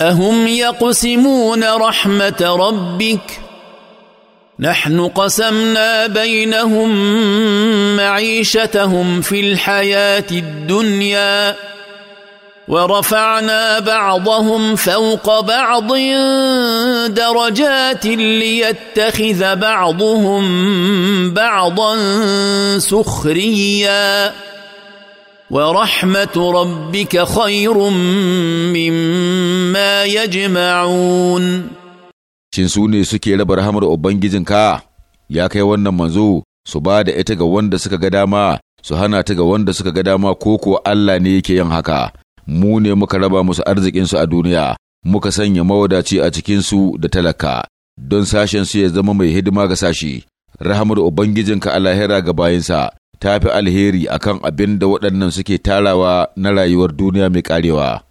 أهم يقسمون رحمة ربك نحن قسمنا بينهم معيشتهم في الحياة الدنيا ورفعنا بعضهم فوق بعض درجات ليتخذ بعضهم بعضا سخريا ورحمة ربك خير مما shin su ne suke raba rahamar Ubangijinka, ya kai wannan manzo, su ba da ita ga wanda suka ga dama, su hana ta ga wanda suka ga dama ko kuwa Allah ne yake yin haka, mu ne muka raba musu arzikinsu a duniya, muka sanya mawadaci a cikinsu da talaka, don sashen su ya zama mai hidima ga sashi, rahamar Ubangijinka a lahira ga bayinsa? ta fi alheri akan abin da waɗannan suke tarawa na rayuwar duniya mai ƙarewa.